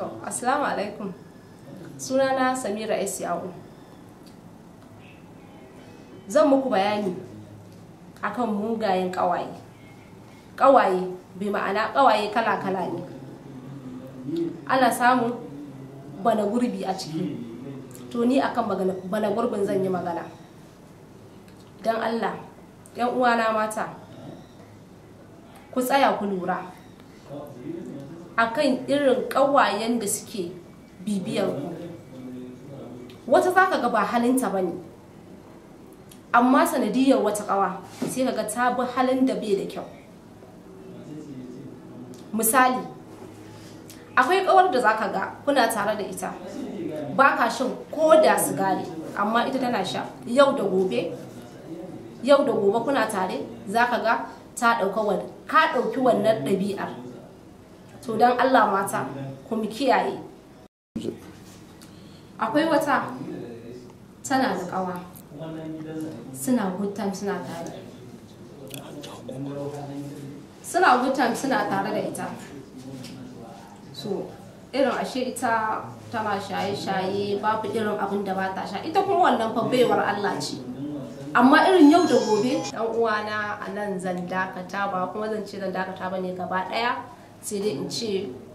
To, Assalamu alaikum. Sunana Samira Isyawo. Zan muku bayani akan mugayen ƙawaye. Ƙawaye bi ma'ana ƙawaye kala-kala ne. Ana samun bana gurbi a ciki. To ni akan bana gurbin zan yi magana. Don Allah, ‘yan uwana mata, ku tsaya ku lura. akan irin ƙawayen da suke bibiyar ku wata za ka ga ba halinta ba ne amma sanadiyar wata ƙawa sai ka ga ta bi halin da bai da kyau misali akwai ƙawar da za ka ga kuna tare da ita baka ka shan ko da sigari amma ita tana sha yau da gobe yau da gobe kuna tare za ka ga ta ɗauki wannan ɗabi'ar to don allah mata ku mu kiyaye akwai wata tana da kawa suna good time suna tare suna good time suna tare da ita so irin ashe ita tana shaye-shaye babu irin abin da ba ta sha ita kuma wannan fa baiwar allah ce amma irin yau da gobe dan uwana a nan zan dakata ba kuma zan ce zan dakata ba ne gaba daya 吉林去。